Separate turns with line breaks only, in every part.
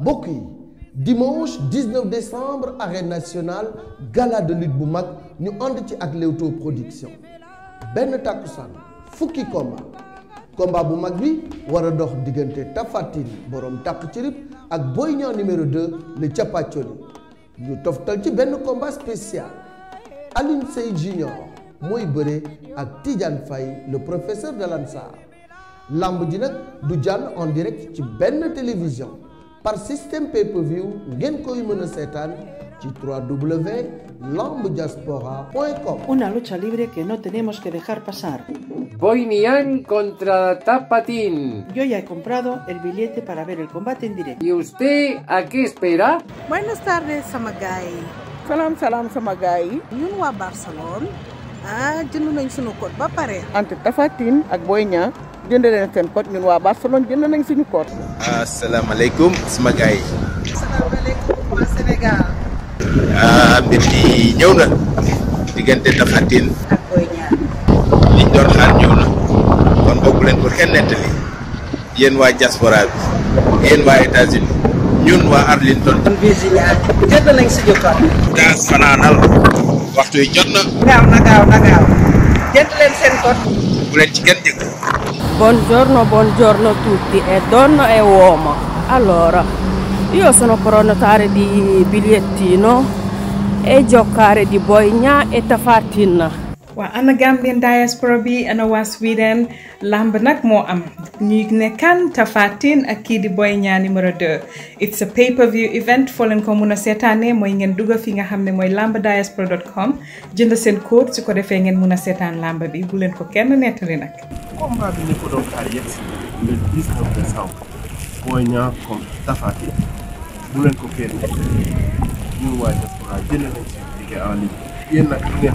mbokk yi dimanche 19 décembre arène nationale gala de lutte bu mag ñu ànd ci ak Leewtoo production benn takkusaan fukki combat combat bu mag bi wara dox diggante Tapha Tine borom takk cirib ak Boy Niang numéro 2 le capacholi ñu toftal ci benn combat spécial Alioune Seye Junior mooy bëre ak Tidiane Faye le professeur de l'Ansar lamb ji nag du jàll en direct ci benn télévision par système pay-per-view ngeen koy mën a seetaan ci www.lambdiaspora.com. Una lucha libre que no tenemos que dejar pasar. Boinian
contra Tapatín. Yo ya he comprado el billete para ver el combate en directo. ¿Y usted a qué espera? Buenas tardes, Samagay. Salam, salam, Samagay.
Ñun waa Barcelone. ba pare. ante Tafatin ak Boy jënd leen seen code ñun waa Barcelone jënd nañ suñu code.
asalaamaaleykum sama gars ah, mbir mi ñëw na. diggante Tapha Tine. doon xaar ñëw na. kon bokk ko kenn nettali. yéen waa diaspora bi. yéen waa États-Unis ñun waa Arlington.
jot
na. gaaw na gaaw jënd leen seen code.
bu leen ci kenn jëkk.
buongiorno buongiorno tutti e donna e uomo. Allora, io sono per annotare di bigliettino e giocare di Boigna e Tafatin. waa ana Gambian diaspora bi ana waa Sweden làmb nag moo am ñuy nekkaan Tapha ak kii di Boy Niang numéro 2 it's a pay view event foo leen ko mun a seetaanee mooy ngeen dugg fi nga xam ne mooy lambdiaspora.com jënd seen code su ko defee ngeen mun a seetaan làmb bi bu leen ko kenn nettali nag. nag ngeen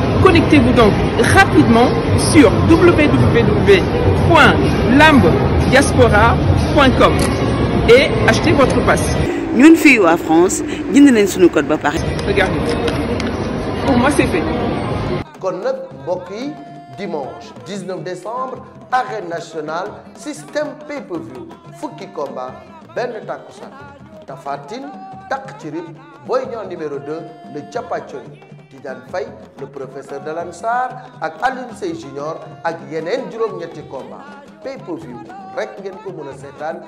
Connectez-vous donc rapidement sur
www.lambdiaspora.com et achetez votre passe. ñun fii waa France jënd nañ suñu code ba pare. Regardez,
dimanche décembre arène système pay fukki combat benn takkusaan Tapha Tine takk ci rib numéro le Chapacholi. Tidiane Faye le professeur de ak Alioune ak yeneen juróom-ñetti rek ngeen ko mën a seetaan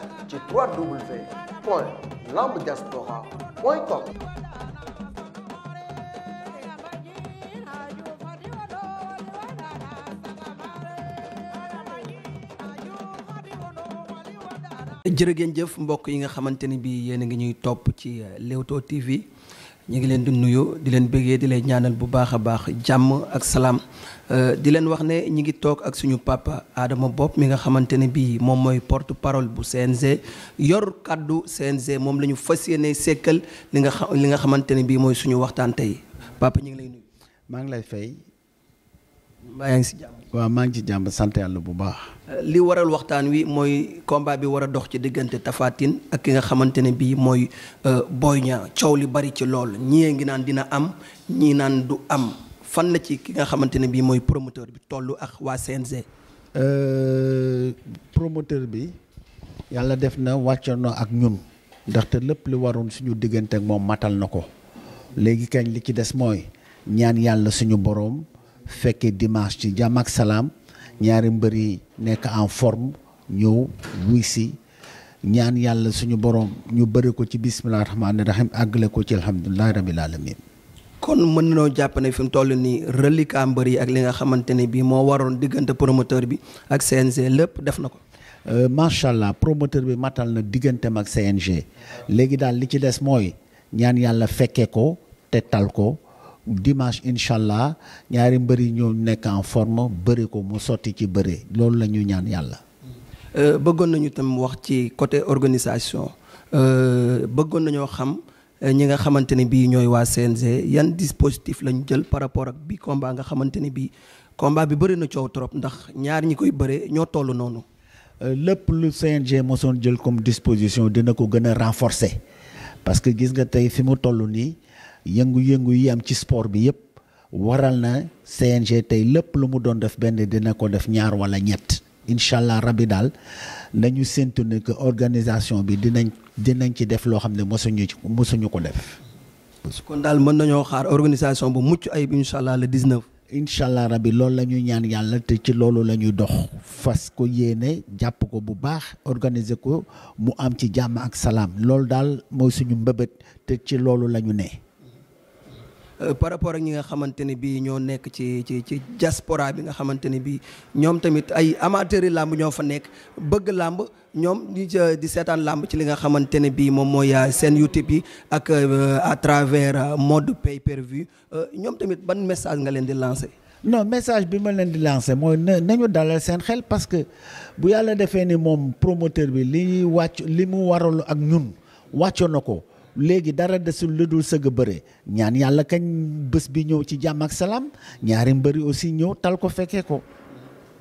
jëf mbokk yi nga xamante ni bi yéen a ngi ñuy topp ci Leewtoo TV ñu ngi leen di nuyu di leen bëggee di leen ñaanal bu baax a baax jàmm ak salaam euh, di leen wax ne ñi ngi toog ak suñu papa aadama Bopp mi nga xamante ne bii moom mooy porte parole bu CNG yor kàddu CNG moom la ñu fas yéene sekkal li nga xam li nga xamante ne bii mooy suñu waxtaan tey papa ñu
ngi lay nuyu. maa ngi lay fay. mbaa yaa ngi si jàmm. waaw maa ngi ci jàmb sant yàlla bu baax.
li waral waxtaan wi mooy combat bi war a dox ci diggante tafaatin ak ki nga xamante ne bii mooy euh, booy Niang coow li bari ci lool ñii ngi naan dina am ñii naan du am fan la ci ki nga xamante ne bii mooy promoteur bi tollu ak waa CNG.
Euh, promoteur bi yàlla def na wàccanoo ak ñun ndaxte lépp li waroon suñu diggante ak moom matal na ko léegi kañ li ci des mooy ñaan yàlla suñu boroom. fekkee dimanche ci jàmm ak salaam ñaari mbër yi nekk en forme ñëw wuy si ñaan yàlla suñu borom ñu bëri ko ci bisimilah rahmaani rahim àggale ko ci alhamdulilah rabil alamin
kon mën nañoo jàpp ne fi mu toll nii reliquat mbër yi ak li nga xamante ne bii moo waroon diggante promoteur bi ak CNG
lépp def na ko. Euh, macha allah promoteur bi matal na digganteem ak CNG léegi daal li ci des mooy ñaan yàlla fekkee ko te tal ko dimanche incha allah ñaari mbër yi ñoo nekk en forme bëri ko mu sotti ci bëri loolu la ñu ñaan yàlla.
Euh, bëggoon nañu tam wax ci côté organisation euh, bëggoon nañoo xam euh, ñi nga xamante ne bii ñooy waa CNG yan dispositif lañu jël par rapport ak bi combat nga xamante ne bii combat bi bari na coow trop ndax ñaar ñi koy bëree ñoo toll
noonu. lépp lu CNG mosoon jël comme disposition dina ko gën a renforcer parce que gis nga tey fi mu toll nii. yëngu-yëngu yi am ci sport bi yëpp waral na CNG tey lépp lu mu doon def benn dina ko def ñaar wala ñett incha allah rabbi daal nañu séntu ne que organisation bi dinañ dinañ ci def loo xam ne mosuñu ci mosuñu ko def. kon daal mën nañoo xaar organisation bu mucc ayib incha allah le 19. incha allah rabbi loolu la ñuy ñaan yàlla te ci loolu la ñuy dox fas ko yéene jàpp ko bu baax organiser ko mu am ci jàmm ak salaam loolu daal mooy suñu mbëbët te ci loolu la ñu ne.
Euh, par rapport ak ñi nga xamante ne bii ñoo nekk ci ci ci diaspora bi nga xamante ne bii ñoom tamit ay amateurs yi làmb ñoo fa nekk bëgg làmb ñoom di di seetaan làmb ci li nga xamante ne bii moom mooy euh, seen YouTube yi ak euh, à travers mode pay per view ñoom tamit ban
message nga leen di lancé. non message bi ma leen di lancé mooy nañu dalal seen xel parce que bu yàlla defee ni moom promoteur bi li wàcc li mu waral ak ñun wàccoon na ko. léegi dara desul lu dul sëgg bëre ñaan yàlla kañ bés bi ñëw ci jàmm ak salaam ñaari mbëri aussi ñëw tal ko fekkee ko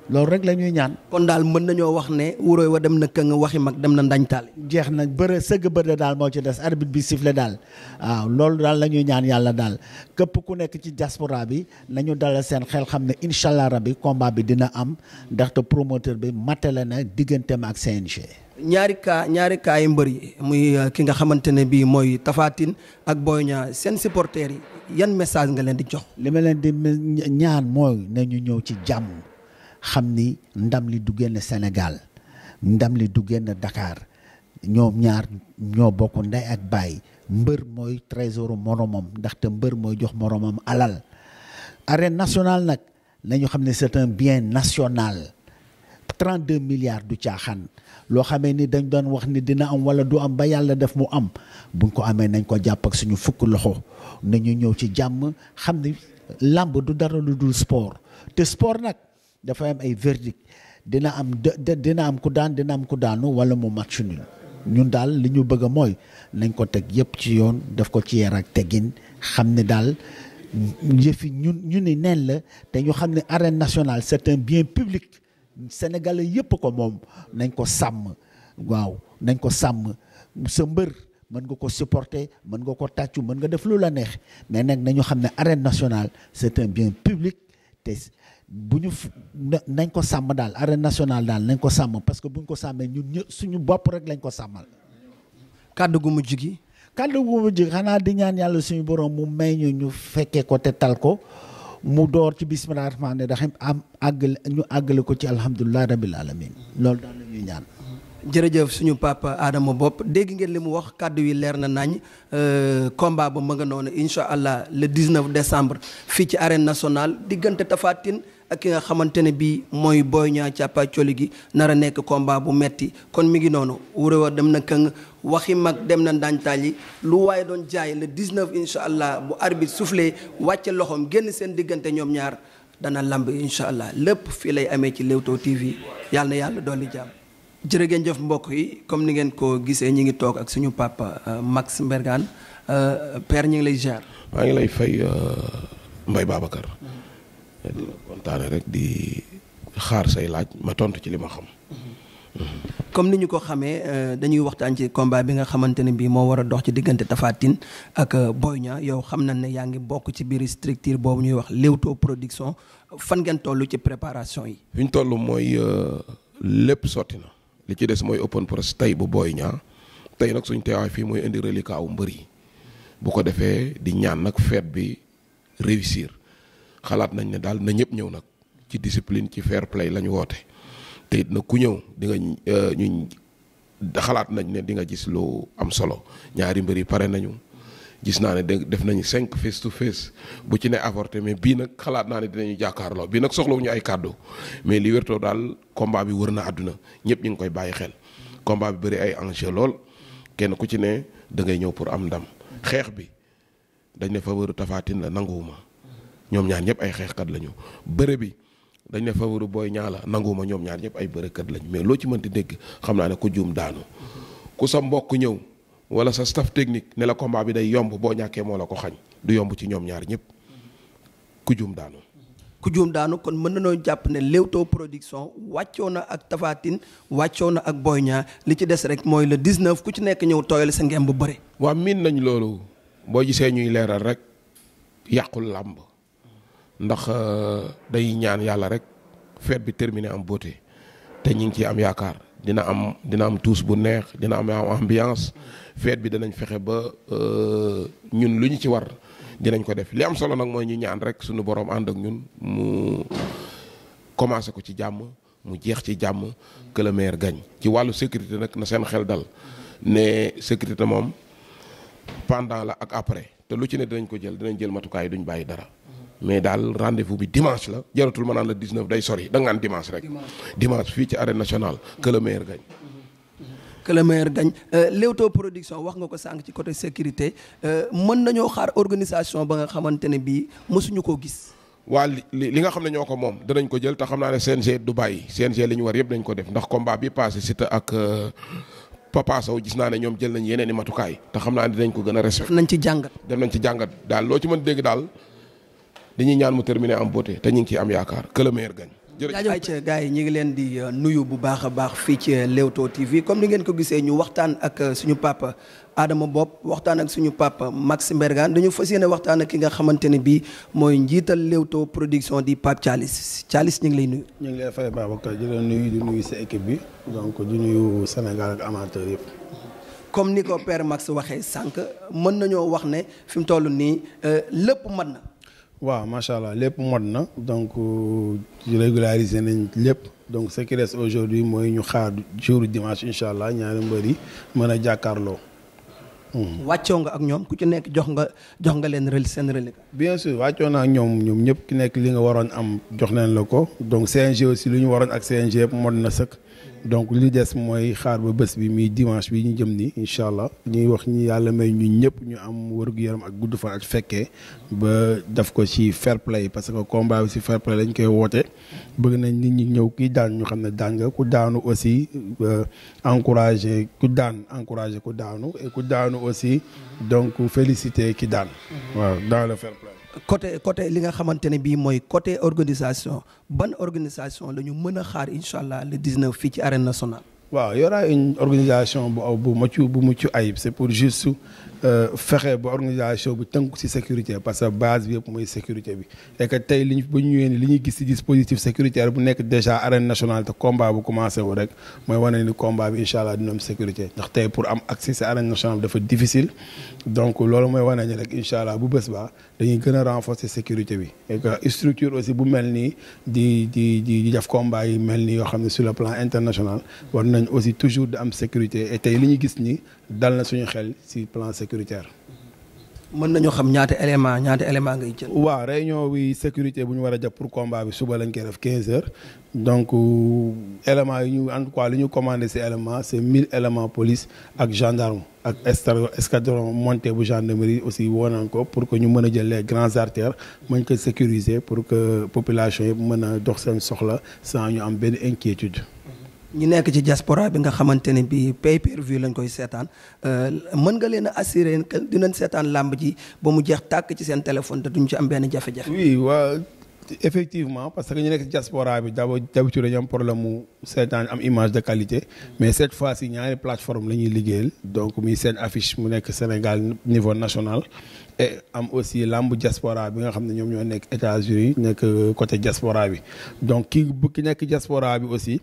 loolu rek la ñuy ñaan. kon daal mën nañoo wax ne wurooy wa dem na këng waxi mag dem na ndañ taal. jeex na bëre sëgg bëre daal moo ci des arbitre bi sifflé daal waaw loolu daal la ñuy ñaan yàlla daal képp ku nekk ci diaspora bi nañu dalal seen xel xam ne incha allah rabi combat bi dina am ndaxte promoteur bi matale na digganteem ak CNG.
ñaari kaa ñaari kaa yi mbër yi muy uh, ki nga xamante ne bii mooy tafaatin ak Boy Niang seen supporters yi yan message nga leen di jox. li ma
leen di ñaan mooy na ñu ñëw ci jàmm xam ni ndam li du génn Sénégal ndam li du génn Dakar ñoom ñaar ñoo bokk ndey ak baay mbër mooy trésor moromam ndaxte mbër mooy jox moromam alal. arène national nag na nañu xam ne c'est bien national. 32 milliards du caaxaan loo xamee ni dañ doon wax ni dina am wala du am ba yàlla def mu am buñ ko amee nañ ko jàpp ak suñu fukk loxo nañu ñëw ci jàmm xam ni làmb du dara lu dul sport te sport nag dafa am ay verdict dina am dina am ku daan dina am ku daanu wala mu match nul ñun daal li ñu bëgg mooy nañ ko teg yëpp ci yoon def ko ci yar ak teggin xam ne daal yëfi ñun ñu ni nen la te ñu xam ne arène nationale c'est bien public sénégalais yëpp ko moom nañ ko sàmm waaw nañ ko sàmm sa mbër mën nga ko supporter mën nga ko tàccu mën nga def lu la neex mais nag nañu xam ne arène national c'est bien public te bu ñu nañ ko sàmm daal arène national daal nañ ko sàmm parce que bu ñu ko sàmmee ñun ñë suñu bopp rek lañ ko sàmmal. kàddu gu mujj gi. kàddu gu mujj xanaa di ñaan yàlla suñu borom mu may ñu ñu fekkee ko te tal ko. mu door ci bismillah rahmaani rahim am àggale ñu àggale ko ci alhamdulilah rabil alamin loolu daal la ñaan.
jërëjëf suñu papa Adama Bopp dégg ngeen li mu wax kàddu yi leer na nañ euh, combat ba ma nga noonu incha allah le 19 décembre fii ci arène nationale diggante Tapha ak ki nga xamante ne bii mooy Boy Niang càppaacoli gi nar a nekk combat bu metti kon mi ngi noonu wuré dem na këng waxi mag dem na ndaañtaal yi lu waaye doon jaay le 19 incha allah bu arbitre soufflé wàcce loxoom génn seen diggante ñoom ñaar dana lamb incha allah lépp fii lay amee ci Leewtoo TV yàlla na yàlla dolli jàmm. jërë ngeen jëf mbokk yi comme ni ngeen ko gisee ñi ngi toog ak suñu papa euh, Max Mbergane euh, per ñu ngi lay ziar.
maa ngi lay fay euh, Mbaye Babacar. di rek di xaar say laaj ma tontu ci li ma xam.
comme ni ñu ko xamee euh, dañuy waxtaan ci combat bi nga xamante ne bii moo war a dox ci diggante Tapha Tine ak euh, Boy ñaa yow xam na ne yaa ngi bokk ci biir structure boobu ñuy wax Leewtoo production fan ngeen toll ci préparation yi.
fi ñu toll mooy euh, lépp sotti na li ci des mooy open press tey bu Boy Niang tey nag suñ teewaay fii mooy indi reliquat wu mbër yi bu ko defee di ñaan nag fête bi réussir. xalaat nañ ne daal na ñëpp ñëw nag ci discipline ci fair play la ñu woote te it nag ku ñëw dinga nga euh, ñu xalaat nañ ne di nga gis lu am solo ñaari mbër yi pare nañu gis naa ne def nañu cinq face to face bu ci ne avorté mais bii nag xalaat naa ne dinañu jàkkaarloo bii nag soxlawuñu ay kàddu mais li wértoo daal combat bi wër na àdduna ñëpp ñu ngi koy bàyyi xel combat bi bëri ay enjeu lool kenn ku ci ne da ngay ñëw pour am ndam xeex bi dañ ne faveur Tapha Tine la nanguwuma ñoom ñaar ñëpp ay xeexkat lañu bëre bi dañ ne favori booy ñaala nanguma ñoom ñaar ñëpp ay bërëkat lañ mais loo ci mënti dégg xam naa ne ku juum daanu ku sa mbokk ñëw wala sa staff technique ne la combat bi day yomb boo ñàkkee moo la ko xañ du yomb ci ñoom ñaar ñëpp ku juum daanu.
ku juum daanu kon mën na nañoo jàpp ne Leewtoo production wàccoo na ak Tapha wàccoo na ak Boy ñaar li ci des rek mooy le 19 ku ci nekk ñëw tooyal sa ngem ba bëri.
waaw miin nañ loolu boo gisee ñuy leeral rek yàqul làmb ndax euh, day ñaan yàlla rek fête bi terminé am beauté te ñu ngi ciy am yaakaar dina am dina am tuus bu neex dina am ambiance fête bi danañ fexe ba euh, ñun lu ñu ci war dinañ ko def li am solo nag mooy ñu ñaan rek suñu borom ànd ak ñun mu commencé ko ci jàmm mu jeex ci jàmm que le ci wàllu sécurité nag na seen xel dal ne sécurité moom pendant la ak après te lu ci ne dinañ ko jël dinañ jël matukaay duñ bàyyi dara. mais daal rendez-vous bi dimanche la jaratul ma naan la 19 day sori da nga naan dimanche rek. dimanche fii ci arène nationale. que
le meilleur euh, production wax nga ko sànq ci côté sécurité euh, mën nañoo xaar organisation ba nga xamante ne bii mësuñu koo gis.
waa li li nga xam ne ñoo ko moom danañ ko jël te xam naa ne CNG du bàyyi CNG li ñu war yëpp dañ ko def ndax combat bi passé Siteu ak euh, Papa Sow gis naa ne ñoom jël nañ yeneen i matukaay te xam naa dinañ ko gën a respect. nañ ci jàngat dem nañ ci jàngat daal loo ci mën dégg daal. dañuy ñaan mu terminer en beauté te ñu ngi ciy am yaakaar que le meilleur gagne.
jërëjëf yi ñu ngi leen di euh, nuyu bu baax a baax fii ci euh, Leewtoo TV comme ni ngeen ko gisee ñu waxtaan ak euh, suñu papa Adama Bopp waxtaan ak suñu papa Max Mbergane dañu fa fas ne waxtaan ak ki nga xamante ne bii mooy njiital Leewtoo production di Pape Thialis Thialis ñu ngi lay nuyu.
ñu ngi lay fay Babacar di la nuyu di nuyu sa équipe bi donc di nuyu Sénégal ak yëpp.
comme ni ko père Max waxee sànq mën nañoo wax ne fi mu toll nii lépp mat na.
waaw macha allah lépp mot na donc euh, régularisé nañ lépp donc ce qui reste aujourd'hui mooy ñu xaar jour dimanche incha allah ñaari mbër yi mën a jàkkaarloo. wàccoo nga ak ñoom ku ci nekk jox nga jox nga leen rel seen reliquat. bien sûr wàccoo naa ñoom ñoom ñëpp ki nekk li nga waroon am jox nañ la ko donc CNG aussi lu ñu waroon ak CNG yëpp mot na sëkk. donc li des mooy xaar ba bés bi muy dimanche bi ñu jëm ni incha allah ñuy wax ñi yàlla may ñu ñëpp ñu am wërgu-yaram ak gudd fan ak fekkee ba def ko ci fair play parce que combat bi ci fair play lañ koy woote bëgg nañ nit ñi ñëw kii daan ñu xam ne daan nga ku daanu aussi euh, encouragé ku daan encouragé ku daanu et ku daanu aussi donc félicité ki daan mm-hmm. waaw dans le fair play côté côté li nga xamante
ne bii mooy côté organisation ban organisation la ñu mën a xaar incha allah le 19 fii ci
arène nationale. waaw y aura une organisation bu bu mucc bu mucc ayib c'est pour juste euh, fexe ba organisation bu tënku ci sécurité parce que base bi yëpp mooy sécurité bi et que tey li ñu ba ñëwee ni li ñuy gis ci dispositif sécuritaire bu nekk déjà arène national te combat bu commencé wu rek mooy wane ni combat bi incha allah dina sécurité ndax tey pour am accès ci arène nationale dafa difficile donc loolu mooy wane rek incha allah bu bés ba dañuy gën a renforcer sécurité bi et que structure aussi bu mel nii di di di def combat yi mel nii yoo xam ne sur le plan international war nañ aussi toujours di am sécurité et tey li ñu gis ni dal na suñu xel si plan sécuritaire mën nañoo xam ñaata élément ñaata élément ngay jël. waaw réunion bi sécurité bu ñu war a jàpp pour combat bi suba lañ koy def quinze heures donc euh, élément yi ñu en tout cas li ñu commandé si élément c' est 1000 éléments police ak gendarme ak escadron monté bu gendarmerie aussi woo nañ ko pour que ñu mën a jël les grandes artères mën ko sécuriser pour que population yëpp mën a dox seen soxla sans ñu am benn inquiétude.
ñu nekk ci diaspora bi nga xamante ne bi pay per view lañ koy seetaan euh, mën nga leen a
assuré dinañ
seetaan làmb ji ba mu jeex tàkk ci seen téléphone te duñ ci am benn jafe-jafe. oui
waa effectivement parce que ñu nekk ci bi d'habitude dañu am problème mu seetaan am image qualité. mais cette fois ci ñaari plateforme la ñuy liggéeyal donc muy seen affiche mu nekk Sénégal niveau national. am aussi làmb diaspora bi nga xam ne ñoom ñoo nekk États-Unis nekk côté diaspora bi donc ki ki nekk diaspora bi aussi.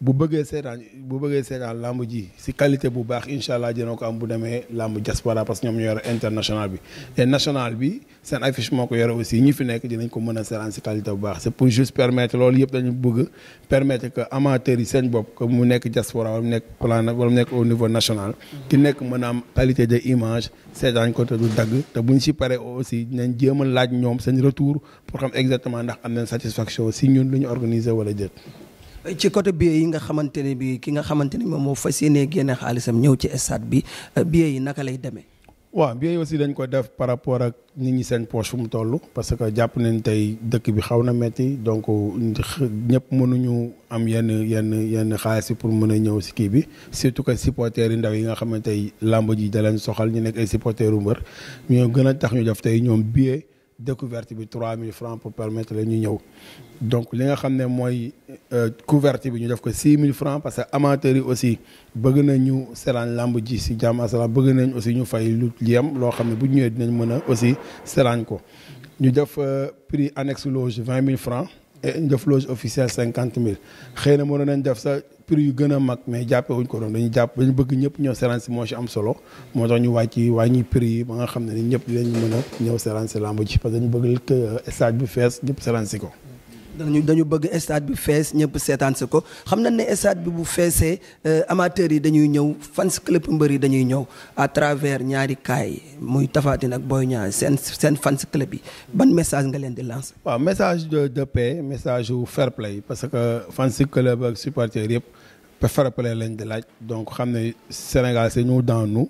bu bëggee seetaan bu bëggee seetaan làmb ji si qualité bu baax incha allah dina ko am bu demee làmb diaspora parce que ñoom ñoo yore international bi te national bi seen affiche moo ko yore aussi ñu fi nekk dinañ ko mën a seetaan bu baax c'est pour juste yëpp dañu bëgg permettre que amateurs yi seen bopp mu nekk diaspora wala nekk plan wala mu nekk au niveau national ki nekk mën a am qualité de image seetaan ko te du dagg te buñ si paree aussi dinañ jéem a laaj ñoom seen retour pour xam exactement ndax am nañ satisfaction si ñun lu ñu organiser wala déet ci côté billet yi nga xamante
ne bi ki nga xamante ne moom moo fas yéenee génne xaalisam ñëw ci stade bi euh, billet yi naka lay demee.
waaw billet yi aussi dañ ko def par rapport ak nit ñi seen poche fu mu toll parce que jàpp nañ tey dëkk bi xaw na metti donc ñëpp mënuñu am yenn yenn yenn xaalis pour mën a ñëw si kii bi surtout que supporters yi ndaw yi nga xamantey tey làmb ji soxal ñu nekk ay supporters yu mbër ñoo gën a tax ñu def tey ñoom billet. découverte bi 3000 francs pour permettre la ñu ñëw donc li nga xam ne mooy euh, couverte bi ñu def ko mille francs parce que amateurs yi aussi bëgg nañu seetaan lamb ji si jàmm asalaam bëgg nañ aussi ñu fay lu yem loo xam ne bu ñu ñëwee dinañ mën a aussi seetaan ko ñu def euh, prix annexe loge mille francs et ñu def loge officielle 50000 xëy na mënoon nañ def sa prix yu gën a mag mais jàppee wuñ ko doon dañu jàpp dañu bëgg ñëpp ñëw seetaan si moo si am solo moo tax ñu wàcc wàññi piri yi ba nga xam ne ni ñëpp dinañ mën a ñëw seetaan si làmb ji parce que dañu bëgg euh, stade bi fees ñëpp seetaan ko
dañu dañu bëgg stade bi fees ñëpp seetaan si ko xam nañ ne stade bi bu feesee euh, amateur yi dañuy ñëw fans club mbër yi dañuy ñëw à travers ñaari kaay muy Tapha Tine ak Boy Niang seen seen fans club yi ban message nga leen di lancer.
waaw message de de paix message wu fair play parce que fans club ak supporters yëpp fair play lañ di laaj donc xam ne Sénégal seen nous dans nu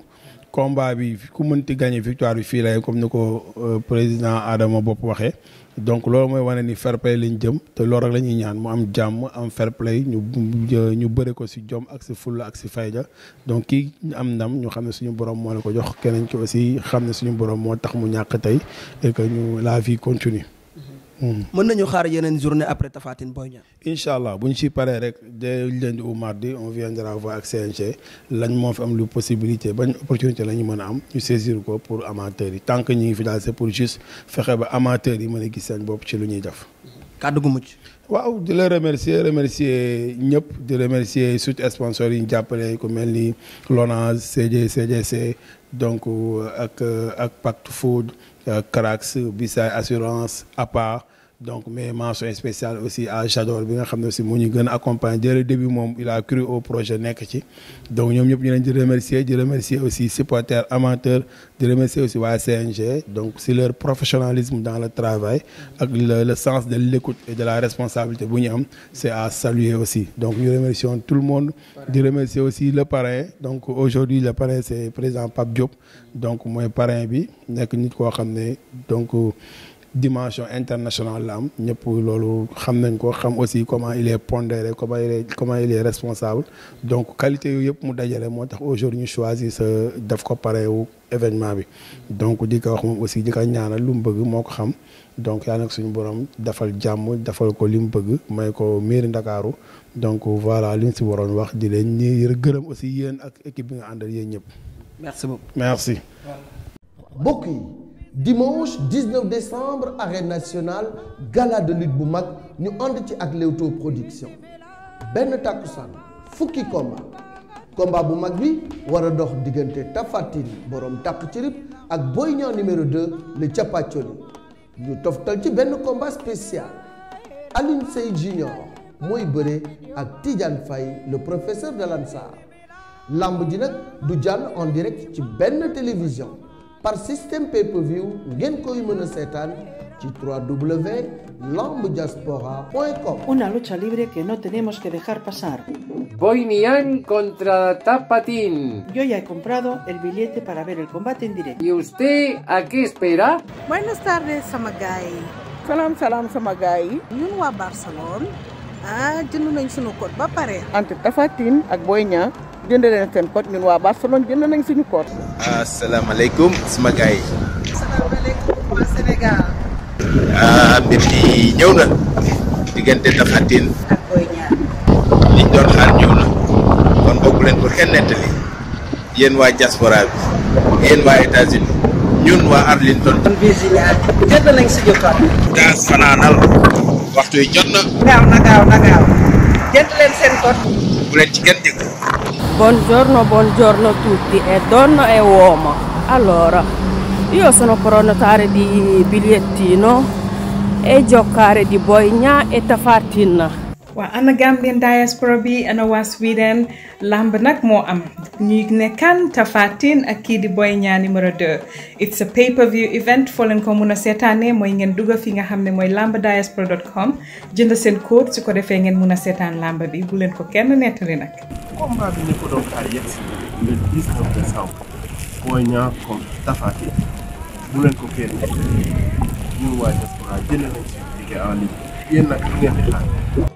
combat bi ku mënti gagner victoire bi fii lay comme ni ko euh, président Adama Bopp waxee. donc loolu mooy wane ni fair play lañ jëm te loolu rek la ñuy ñaan mu am jàmm am fair play ñu ñu bëre ko si jom ak si fulla ak si fay ja donc kii am ndam ñu xam ne suñu borom moo la ko jox keneen ki aussi xam ne suñu borom moo tax mu ñàkk tey et que ñu la vie continue mën
nañu xaar yeneen journée après Tafatine Boy Niang.
incha allah bu ñu ci paree rek dès lundi ou mardi on viendra voir ak CNG lañ moo fi am lu possibilité bañ opportunité la ñu mën a am ñu saisir ko pour amateurs yi tant que ñu ngi financé pour juste fexe ba amateurs yi mën a gis seen bopp ci lu ñuy def. kàddu gu mucc. waaw di la remercier remercier ñëpp di remercier surtout sponsors yi ñu jàppale ku mel ni Lonase CG CGC donc euh, ak euh, ak Pact Food. Euh, Carax Bisaay assurance APA donc mais mention spéciale aussi à Jador bi nga xam ne aussi moo ñu gën a accompagner dès le début moom il a cru au projet nekk ci donc ñoom ñëpp ñu leen di remercier di remercier aussi supporters amateurs di remercier aussi waa CNG donc si leur professionnalisme dans le travail ak le, le sens de l'écoute et de la responsabilité bu ñu am c'est à saluer aussi donc ñu remercions tout le monde di remercier aussi le parrain donc aujourd'hui le parrain c'est président Pape Diop donc mooy parrain bi nekk nit koo xam ne donc dimension internationale la am ñëpp loolu xam nañ ko xam aussi comment il est pondéré comment il est comment responsable donc qualité yooyu yëpp mu dajale moo tax aujourd'hui ñu choisir sa def ko parewu événement bi donc di ko wax moom aussi di ñaana lu mu bëgg moo ko xam donc yàlla nag suñu borom defal jàmm defal ko li mu bëgg may ko mairie Ndakaaru donc voilà li ñu si waroon wax di leen ñi gërëm aussi yéen ak équipe bi nga àndal yéen ñëpp merci
yi dimanche 19 décembre arène nationale gala bu mag ñu ànd ci ak Leewtoo production benn takkusaan fukki combat combat bu mag bi war a dox diggante Tapha Tine borom takk ci ak Boy Niang numéro 2 le capacoli ñu toftal ci benn combat spécial Alioune Seye Junior mooy bëre ak Tidiane Faye le professeur de l'Ansar làmb ji nag du jàll en direct ci benn télévision par système pay-per-view ngeen koy mën a seetaan ci www.lambdiaspora.com. Una lucha libre que no tenemos que dejar pasar.
Boimian contra Tapatín. Yo ya he comprado el billete para ver el combate en directo. ¿Y usted a qué espera? Buenas tardes, Samagay. Salam, salam,
Samagay. Ñun waa Barcelone. ah jënd ba pare. entre ak Boy jënd leen seen coach ñun waa Barcelone jënd nañ suñu coach.
asalaamaaleykum sama gars yi. waa Sénégal. Ah, ñëw na. diggante Tapha Tine. doon xaar ñëw na. kon bokk leen kenn nettali. yéen waa diaspora bi. yéen waa États-Unis ñun waa Arlington. kon
seen coach.
bu leen ci kenn jëkk.
Buongiorno, buongiorno a tutti e donna e uomo. Allora, io sono pronotare di bigliettino e giocare di Boigna e Tafatin. waa ana Gambien diaspora bi ana waa Sweden lamb nag moo am ñuy ne Tapha Tine ak kii di Boy Niang numéro 2. it's a pay view event foo leen ko mun a seetaanee mooy ngeen dugg fi nga xam ne mooy lambdiaspora.com jënd seen code su ko defee ngeen mun a seetaan lamb bi bu leen ko kenn nettali nag.
nag ngeen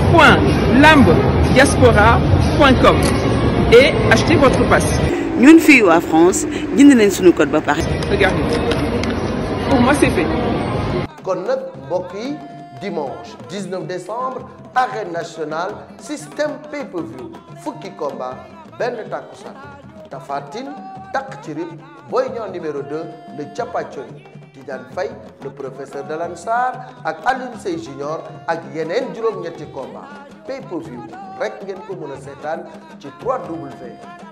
point lambdiaspora.com et achetez votre passe. ñun fii waa France jënd nañ suñu code ba
pour moi c'est fait. kon nag mbokk yi dimanche 19 décembre arène national système pay per fukki combat benn takkusaan Tapha Tine takk ci rib Boy Niang numéro le Thiapathioly. Tidiane Faye le professeur de l'Ansar ak Alioune Seye Junior ak yeneen juróom-ñetti combat pay-per-view rek ngeen ko mën a seetaan ci 3W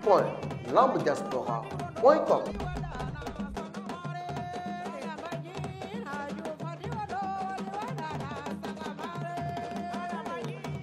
point lambdiaspora point com